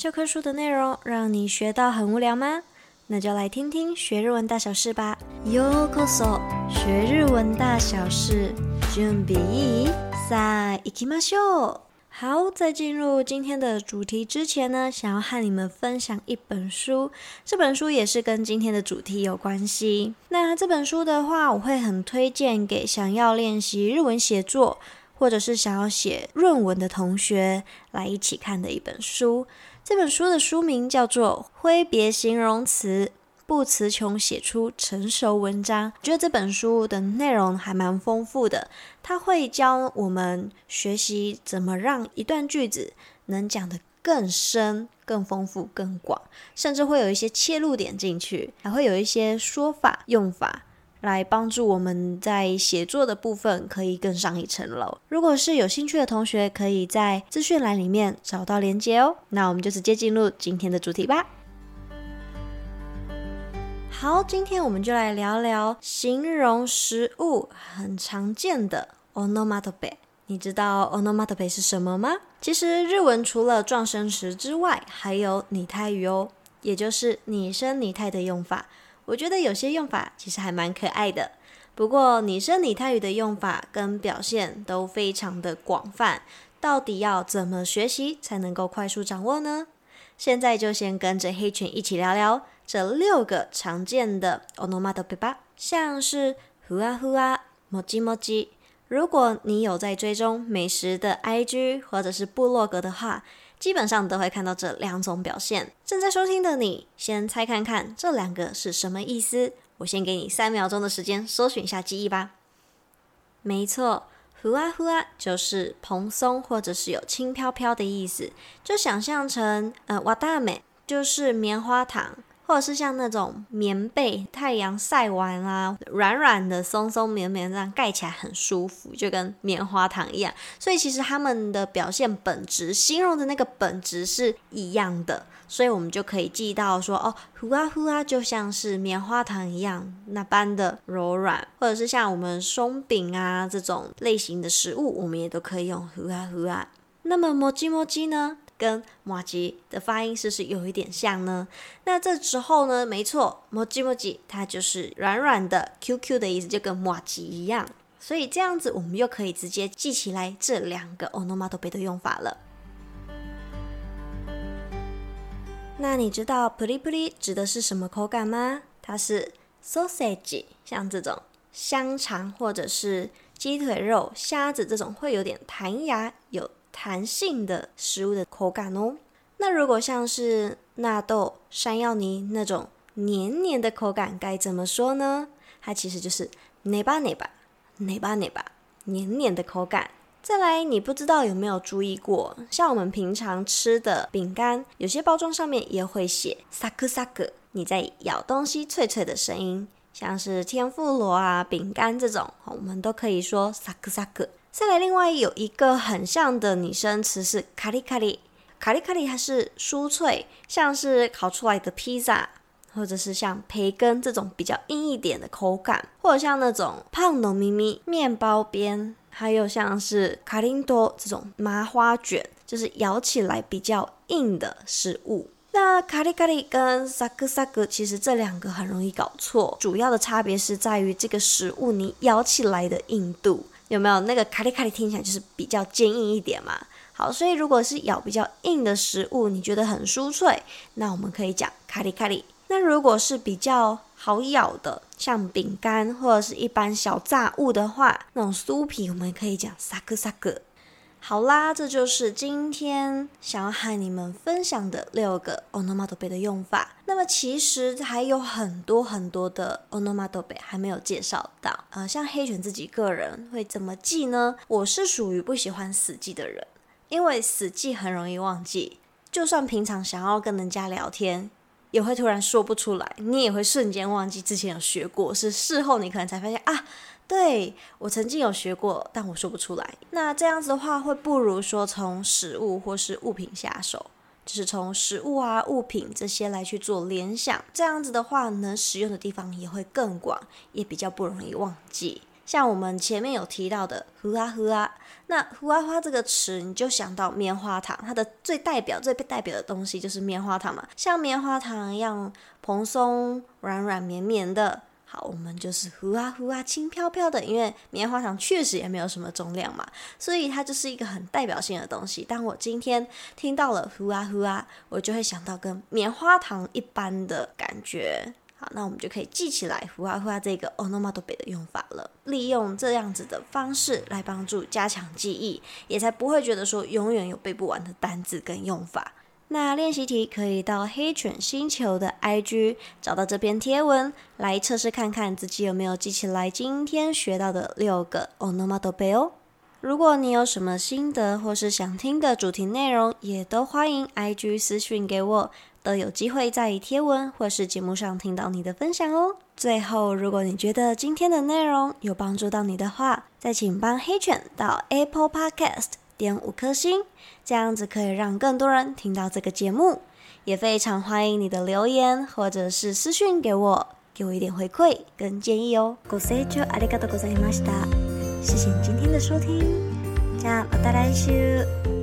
教科書的內容讓你學到很無聊嗎？那就來聽聽學日文大小事吧。ようこそ，學日文大小事。準備、さあ行きましょう。好，在進入今天的主題之前呢，想要和你們分享一本書。這本書也是跟今天的主題有關係。那這本書的話，我會很推薦給想要練習日文寫作，或者是想要寫論文的同學來一起看的一本書。這本書的書名叫做《揮別形容詞，不詞窮，寫出成熟文章》。我覺得這本書的內容還蠻豐富的，它會教我們學習怎麼讓一段句子能講得更深、更豐富、更廣，甚至會有一些切入點進去，還會有一些說法、用法。來幫助我們在寫作的部分可以更上一層樓。如果是有興趣的同學，可以在資訊欄裡面找到連接哦。那我們就直接進入今天的主題吧。好，今天我們就來聊聊形容食物很常見的オノマトペ。你知道オノマトペ是什麼嗎？其實日文除了狀聲詞之外，還有擬態語哦，也就是擬聲擬態的用法。我覺得有些用法其實還蠻可愛的。不過，擬聲擬態語的用法跟表現都非常的廣泛。到底要怎麼學習才能夠快速掌握呢？現在就先跟着黑犬一起聊聊這六個常見的オノマトペ，像是呼啊呼啊、磨嘰磨嘰。如果你有在追蹤美食的 IG 或者是部落格的話，基本上都會看到這兩種表現。正在收聽的你，先猜看看這兩個是什麼意思？我先給你三秒鐘的時間，搜尋一下記憶吧。沒錯，ふわふわ，就是蓬鬆，或者是有輕飄飄的意思。就想象成，呃，わたあめ就是棉花糖。或者是像那種棉被，太陽曬完啊，軟軟的、鬆鬆綿綿，這樣蓋起來很舒服，就跟棉花糖一樣。所以其實他們的表現本質，形容的那個本質是一樣的。所以我們就可以記到說，哦，呼啊呼啊，就像是棉花糖一樣那般的柔軟，或者是像我們鬆餅啊這種類型的食物，我們也都可以用呼啊呼啊。那麼摸雞摸雞呢？跟摩吉的發音是不是有一點像呢？那這時候呢，沒錯，摩吉摩吉它，就是軟軟的，Q Q 的意思，就跟摩吉一樣。所以這樣子，我們又可以直接記起來這兩個オノマトペ的用法了。那你知道プリプリ指的是什麼口感嗎？它是 sausage，像這種香腸或者是雞腿肉、蝦子這種，會有點彈牙有。彈性的食物的口感哦，那如果像是納豆、山藥泥那種黏黏的口感該怎麼說呢？它其實就是 neba neba neba neba 黏黏的口感。再來，你不知道有沒有注意過，像我們平常吃的餅乾，有些包裝上面也會寫サクサク。你在咬東西脆脆的聲音，像是天婦羅啊、餅乾這種，我們都可以說サクサク。再來，另外有一個很像的擬聲詞是カリカリ“卡里卡里”，“卡里卡里”它是酥脆，像是烤出來的披薩，或者是像培根這種比較硬一點的口感，或者像那種パンの耳麵包邊，還有像是卡林多這種麻花卷，就是咬起來比較硬的食物。那“卡里卡里”跟“薩克薩克”其實這兩個很容易搞錯，主要的差別是在於這個食物你咬起來的硬度。有沒有那個卡里卡里聽起來就是比較堅硬一點嘛？好，所以如果是咬比較硬的食物，你覺得很酥脆，那我們可以講卡里卡里。那如果是比較好咬的，像餅乾或者是一般小炸物的話，那種酥皮，我們可以講薩克薩克。好啦，這就是今天想要和你們分享的六個オノマトペ的用法。那麼其實還有很多很多的オノマトペ還沒有介紹到。呃，像黑犬自己個人會怎麼記呢？我是屬於不喜歡死記的人，因為死記很容易忘記。就算平常想要跟人家聊天，也會突然說不出來，你也會瞬間忘記之前有學過。是事後你可能才發現啊。對，我曾經有學過，但我說不出來。那這樣子的話，會不如說從食物或是物品下手，就是從食物啊、物品這些來去做聯想。這樣子的話，能使用的地方也會更廣，也比較不容易忘記。像我們前面有提到的“呼啊呼啊”，那“呼啊呼啊”這個詞，你就想到棉花糖，它的最代表、最代表的東西就是棉花糖嘛。像棉花糖一樣蓬鬆、軟軟綿綿的。好，我們就是呼啊呼啊輕飄飄的，因為棉花糖確實也沒有什麼重量嘛，所以它就是一個很代表性的東西。當我今天聽到了呼啊呼啊，我就會想到跟棉花糖一般的感覺。好，那我們就可以記起來呼啊呼啊這個オノマトペ的用法了。利用這樣子的方式來幫助加強記憶，也才不會覺得說永遠有背不完的單字跟用法。那練習題可以到黑犬星球的 IG 找到這篇貼文，來測試看看自己有沒有記起來今天學到的六個オノマトペ。如果你有什麼心得或是想聽的主題內容，也都歡迎 IG 私訊給我，都有機會在貼文或是節目上聽到你的分享哦。最後，如果你覺得今天的內容有幫助到你的話，再請幫黑犬到 Apple Podcast，點五顆星，這樣子可以讓更多人聽到這個節目。也非常歡迎你的留言或者是私信給我，給我一點回饋跟建議哦。ご視聴ありがとうございました，謝謝今天的收聽。じゃあまた